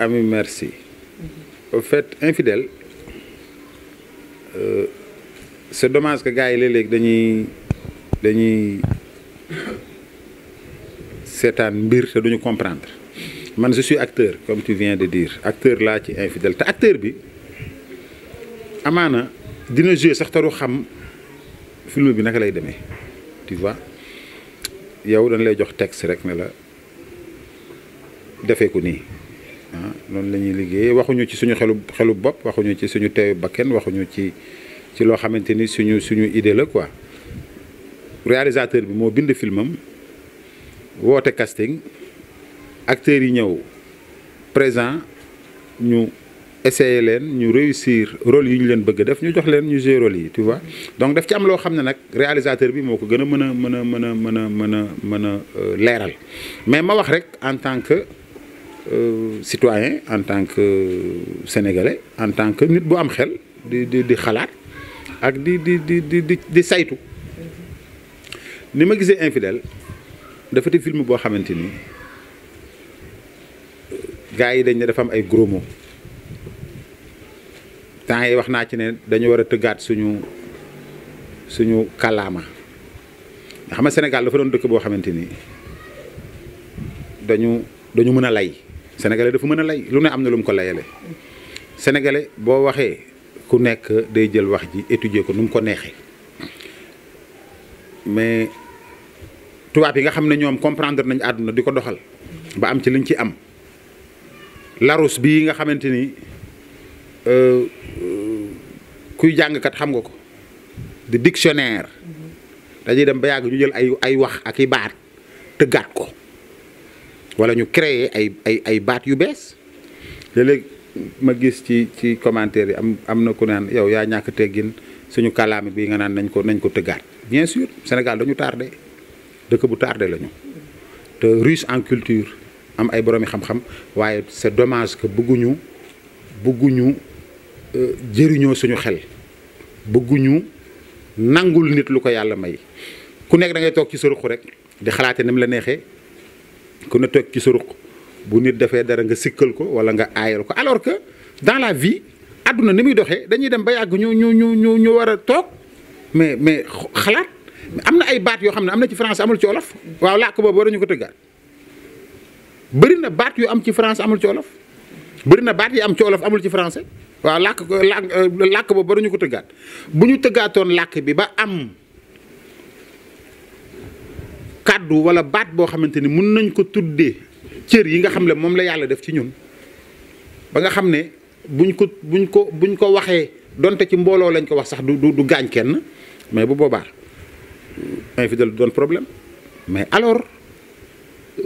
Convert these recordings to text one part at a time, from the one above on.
Ami merci. au fait infidèle euh, c'est dommage que gars yi léeg-léeg dañuy dañuy seetaan mbir te duñu comprendre man je suis acteur comme tu viens de dire acteur laa ci infidèle te acteur bi amaana dina jouer sax taru xam film bi naka lay demee tu vois yow dañ lay jox texte rek ne la defee ko nii. Ah, noonu la ñuy liggéey waxuñu ci suñu xelu xelu bopp waxuñu ci suñu teeyu bakken waxuñu ci ci loo xamante ni suñu suñu idée la quoi réalisateur bi moo bind filmam woote casting acteurs yi ñëw présent ñu essayer leen ñu réussir rôle yi ñu leen bëgg def ñu jox leen ñu jouer rôle yi tu vois donc daf ci am loo xam ne nag réalisateur bi moo ko gën a mën a mën a mën a mën a mën a mën a euh, leeral mais ma wax rek Euh, citoyen en tant que sénégalais en tant que nit bu am xel di di di xalaat ak di di di di di saytu ni ma gisee infidèle dafa di film boo xamante ni euh, gars yi dañ ne dafa am ay gros mots temps yi wax naa ci ne dañu war a tëggaat suñu suñu kàllaama nga xam ne Sénégal dafa doon dëkk boo xamante ni dañu dañu mën a lay sénégalais dafa mën a lay lu ne am na lu mu ko layale sénégalais boo waxee ku nekk day jël wax ji étudier ko nu mu ko neexee mais tubaab yi nga xam ne ñoom comprendre nañ àdduna di ko doxal ba am ci luñ ci am larus bii nga xamante ni euh, euh, kuy jàngkat xam nga ko di dictionnaire dañuy dem ba yàgg ñu jël ay ay wax ak i baat tëggaat ko wala ñu créer ay ay ay baat yu bees léeg-léeg ma gis ci ci commentaire yi am am na ku naan yow yaa ñàkk teggin suñu kàllaame bi nga naan nañ ko nañ ko tëggaat bien sûr Sénégal dañu tardé dëkk bu tardé lañu te riche en culture am ay boroomi xam-xam waaye c'est domage que bëgguñu bëgguñu euh, jëriñoo suñu xel bëgguñu nangul nit lu ko yàlla may ku nekk da ngay toog ci sa ruq rek di xalaate ni mu la neexee. ku ne toog ci sa bu nit defee dara nga sikkal ko wala nga aayal ko alors que dans la vie àdduna ni muy doxee dañuy dem ba yàgg ñu ñu ñu ñu ñu war a toog mais mais xalaat am na ay baat yoo xam ne am na ci France amul ci olof waaw làkk boobu war ñu ko tëggaat bëri na baat yu am ci France amul ci olof bëri na baat yi am ci olof amul ci français waaw làkk làkk làkk boobu war ko tëggaat bu ñu tëggaatoon làkk bi ba am. kàddu wala baat boo xamante ni mun nañ ko tuddee cër yi nga xam ne moom la yàlla def ci ñun ba nga xam ne buñ ko buñ ko buñ ko waxee donte ci mbooloo lañ ko wax sax du du gaañ kenn mais bu boobaa euh, infidèle du doon problème mais alors euh,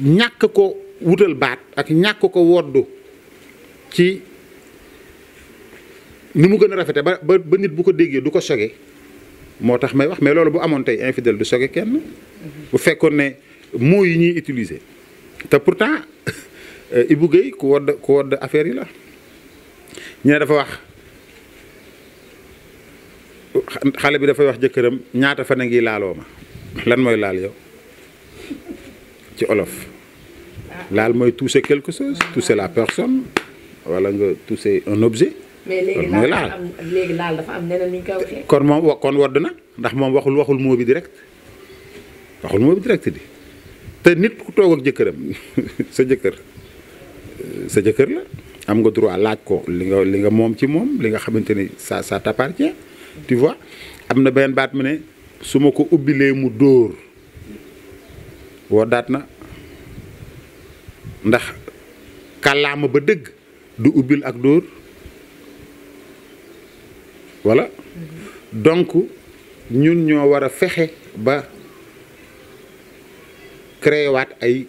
ñàkk ko wutal baat ak ñàkk ko woddu ci ni mu gën a rafete ba ba nit bu ko déggee du ko soge moo tax may wax mais loolu boo amoon tey infidèle du choqué kenn bu fekkoon ne mots yi ñuy utiliser te pourtant euh, Ibou Guèye ku wodd ku wodd affaire yi la ñu dafa wax xale bi dafay wax jëkkëram ñaata fan a ngi laaloo ma lan mooy laal yow ci olof laal mooy toucher quelque chose toucher la personne wala nga toucher un objet mais léegi laal kon moom wa kon wodd na ndax moom waxul waxul moo bi direct waxul moo bi direct di te nit ku toog ak jëkkëram sa jëkkër sa jëkkër la am nga droit laaj ko li nga li nga moom ci moom li nga xamante ni ça ça t'appartient tu vois am na benn baat mu ne su ma ko ubbilee mu dóor woddaat na ndax kàllaama ba dëgg du ubbil ak dóor. voilà donc ñun ñoo war a fexe ba créé waat ay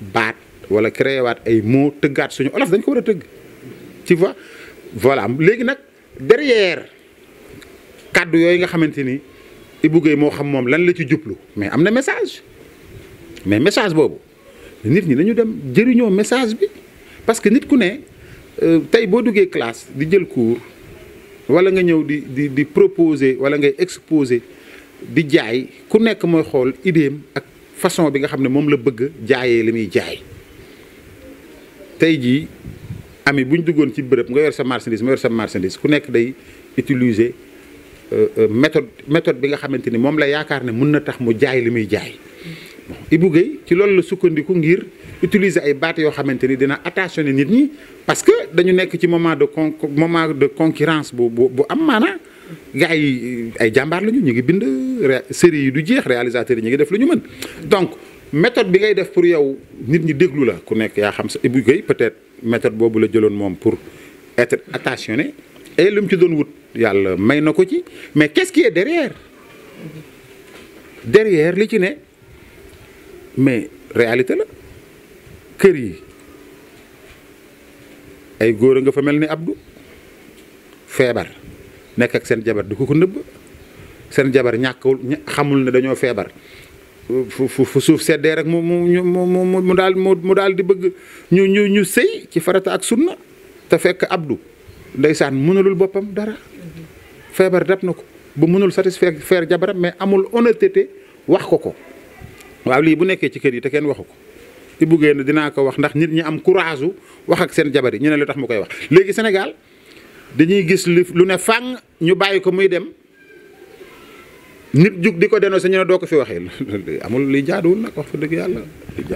baat wala créé waat ay mots tëggaat suñu olof dañ ko war a tëgg tu vois voilà léegi nag derrière kàddu yooyu nga xamante ni Ibou Guèye moo xam moom lan la ci jublu mais am na message mais message boobu nit ñi dañu dem jëriñoo message bi parce que nit ku ne euh, tey boo duggee classe di jël cours. wala nga ñëw di di di proposer wala ngay exposer di jaay ku nekk mooy xool idéem ak façon bi nga xam ne moom la bëgg jaayee li muy jaay tey jii ami bu ñu duggoon ci bërëb nga yor sa marchandise ma yor sa marchandise ku nekk day utiliser euh, euh, méthode méthode bi nga xamante ni moom la yaakaar ne mun na tax mu jaay li muy jaay Ibou Guèye ci loolu la sukkandiku ngir utiliser ay baat yoo xamante ni dina attentionné nit ñi dañu nekk ci moment de con moment de concurrence bu bu am maana gars yi ay jàmbaar lañu ñu ngi bind série yi du jeex réalisateur yi ñu ngi def lu ñu mën donc méthode bi ngay def pour yow nit ñi déglu la ku nekk yaa xam sa Ibou Guèye peut-être méthode boobu la jëloon moom pour être attentionné et ci doon wut yàlla may na ko ci mais qu'est-ce qui est derrière derrière li ci ne mais réalité la kër yi ay góor a nga fa mel ni Abdou feebar nekk ak seen jabar du ko ko nëbb seen jabar ñàkkul xamul ne dañoo feebar fu fu suuf seddee rek mu mu mu mu daal mu daal di bëgg ñu ñu ñu sëy ci farata ak sunna te fekk Abdou ndeysaan mënalul boppam dara feebar dab na ko bu mënul satisfaire faire jabaram mais amul honnêteté wax ko ko waaw lii bu nekkee ci kër yi te kenn waxu ko. Ibou Guèye na dinaa ko wax ndax nit ñi am courage wax ak seen jabar yi ñu ne lu tax mu koy wax. léegi Sénégal dañuy gis lu ne fànn ñu bàyyi ko muy dem nit jug di ko dénoncé ñu ne doo ko fi waxee amul li jaaduwul nag wax fa dëgg yàlla.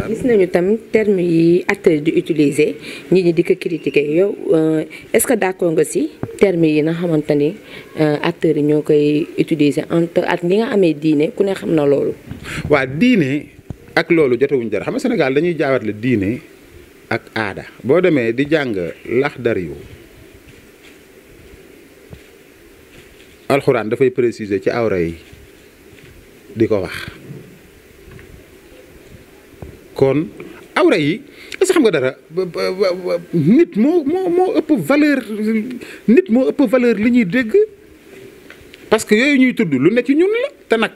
gis nañu tam terme yi acteurs di utiliser nit ñi di ko critiquer yow euh, est-ce que d'accord nga si terme yi nga xamante ni euh, acteurs yi ñoo koy utiliser entre ak ni nga amee diine ku ne xam na loolu. waa diine. ak loolu jotewuñ dara xam nga Sénégal dañuy jaawatle diine ak aada boo demee di jàng Laxdari yu alxuraan dafay préciser ci awra yi di ko wax kon awra yi est-ce xam nga dara nit moo moo ëpp valeur nit moo ëpp valeur li ñuy dégg parce que yooyu ñuy tudd lu nekk ci ñun la te nag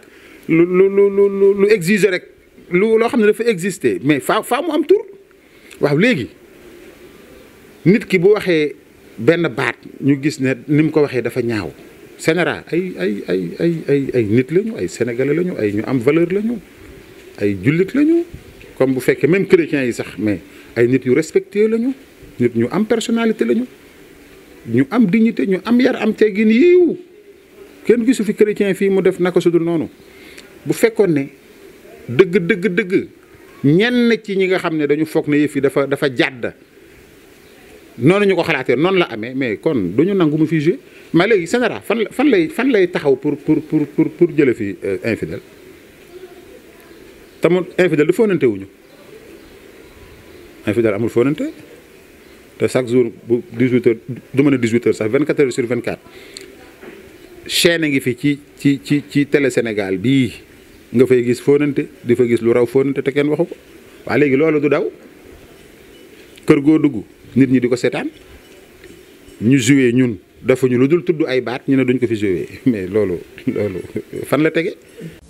lu lu lu lu lu exiger rek lu loo xam ne dafa exister mais faa faa mu am tur waaw léegi nit ki bu waxee benn baat ñu gis ne ni mu ko waxee dafa ñaaw sénéral ay ay ay ay ay ay nit lañu ay sénégalais lañu ay ñu am valeur lañu ay jullit lañu comme bu fekkee même chrétiens yi sax mais ay nit yu respecté lañu nit ñu am personnalité lañu ñu am dignité ñu am yar am teggin yiiw kenn gisu fi chrétien fii mu def naka sudul noonu bu fekkoon ne. dëgg dëgg dëgg ñenn ci ñi nga xam ne dañu foog ne yëf yi dafa dafa jàdd noonu ñu ko xalaatee noonu la amee mais kon du ñu nangu mu fi joué mais léegi général fan fan lay fan lay taxaw pour pour pour pour pour jële fi euh, infidèle te mu infidèle du fóonante wuñu infidèle amul fóonante te chaque jour bu 18 heures du mën a 18 heures sax 24 heures sur 24 chaîne ngi fi ci ci ci ci télé Sénégal bii. nga fay gis fóonante di fa gis lu raw fóonante te kenn waxu ko waa léegi loolu du daw kër goo dugg nit ñi di ko seetaan ñu joué ñun dafa ñu lu dul tudd ay baat ñu ne duñ ko fi joué mais loolu loolu fan la tege.